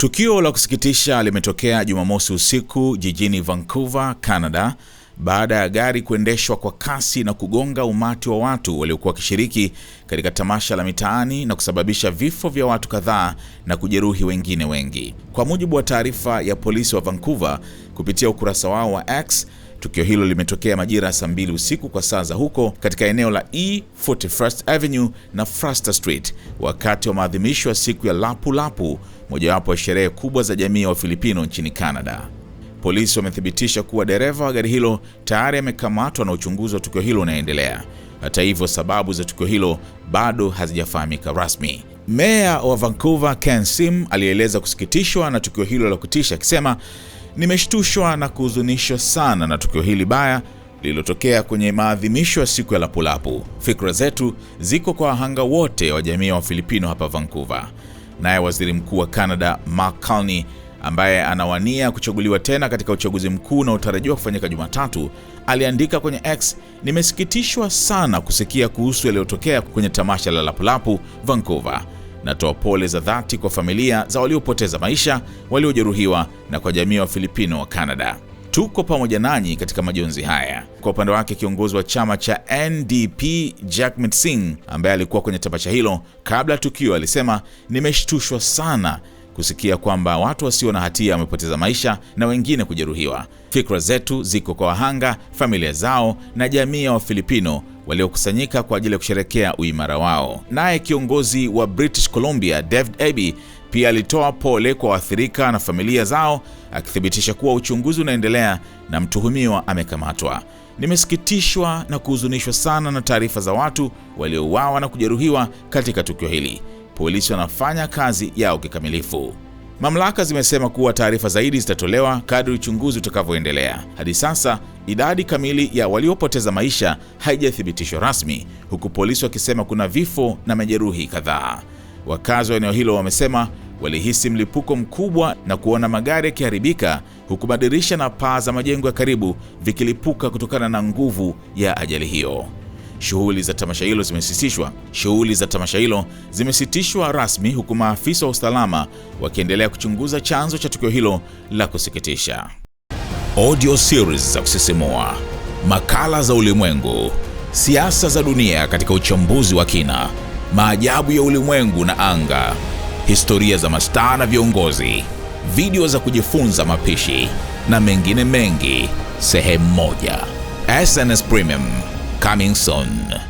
Tukio la kusikitisha limetokea Jumamosi usiku jijini Vancouver, Canada, baada ya gari kuendeshwa kwa kasi na kugonga umati wa watu waliokuwa wakishiriki katika tamasha la mitaani na kusababisha vifo vya watu kadhaa na kujeruhi wengine wengi. Kwa mujibu wa taarifa ya polisi wa Vancouver kupitia ukurasa wao wa X, Tukio hilo limetokea majira ya saa mbili usiku kwa saa za huko katika eneo la E 41st Avenue na Fraser Street wakati wa maadhimisho ya siku ya Lapu Lapu, mojawapo ya sherehe kubwa za jamii ya wa Wafilipino nchini Canada. Polisi wamethibitisha kuwa dereva wa gari hilo tayari amekamatwa na uchunguzi wa tukio hilo unaendelea. Hata hivyo, sababu za tukio hilo bado hazijafahamika rasmi. Meya wa Vancouver Ken Sim alieleza kusikitishwa na tukio hilo la kutisha akisema Nimeshtushwa na kuhuzunishwa sana na tukio hili baya lililotokea kwenye maadhimisho ya siku ya Lapulapu. Fikra zetu ziko kwa wahanga wote wa jamii ya Wafilipino hapa Vancouver. Naye waziri mkuu wa Canada Mark Carney ambaye anawania kuchaguliwa tena katika uchaguzi mkuu unaotarajiwa kufanyika Jumatatu aliandika kwenye X, nimesikitishwa sana kusikia kuhusu yaliyotokea kwenye tamasha la Lapulapu Vancouver. Natoa pole za dhati kwa familia za waliopoteza maisha, waliojeruhiwa na kwa jamii ya Wafilipino wa canada Tuko pamoja nanyi katika majonzi haya. Kwa upande wake, kiongozi wa chama cha NDP Jagmeet Singh ambaye alikuwa kwenye tamasha hilo kabla ya tukio alisema, nimeshtushwa sana kusikia kwamba watu wasio na hatia wamepoteza maisha na wengine kujeruhiwa. Fikra zetu ziko kwa wahanga, familia zao na jamii ya Wafilipino waliokusanyika kwa ajili ya kusherekea uimara wao. Naye kiongozi wa British Columbia David Abby pia alitoa pole kwa waathirika na familia zao, akithibitisha kuwa uchunguzi unaendelea na mtuhumiwa amekamatwa. Nimesikitishwa na kuhuzunishwa sana na taarifa za watu waliouawa na kujeruhiwa katika tukio hili. Polisi wanafanya kazi yao kikamilifu. Mamlaka zimesema kuwa taarifa zaidi zitatolewa kadri uchunguzi utakavyoendelea. Hadi sasa idadi kamili ya waliopoteza maisha haijathibitishwa rasmi, huku polisi wakisema kuna vifo na majeruhi kadhaa. Wakazi wa eneo hilo wamesema walihisi mlipuko mkubwa na kuona magari yakiharibika, huku madirisha na paa za majengo ya karibu vikilipuka kutokana na nguvu ya ajali hiyo shughuli za tamasha hilo zimesitishwa. Shughuli za tamasha hilo zimesitishwa rasmi, huku maafisa wa usalama wakiendelea kuchunguza chanzo cha tukio hilo la kusikitisha. Audio series za kusisimua, makala za ulimwengu, siasa za dunia katika uchambuzi wa kina, maajabu ya ulimwengu na anga, historia za mastaa na viongozi, video za kujifunza mapishi na mengine mengi, sehemu moja. SNS Premium. coming soon.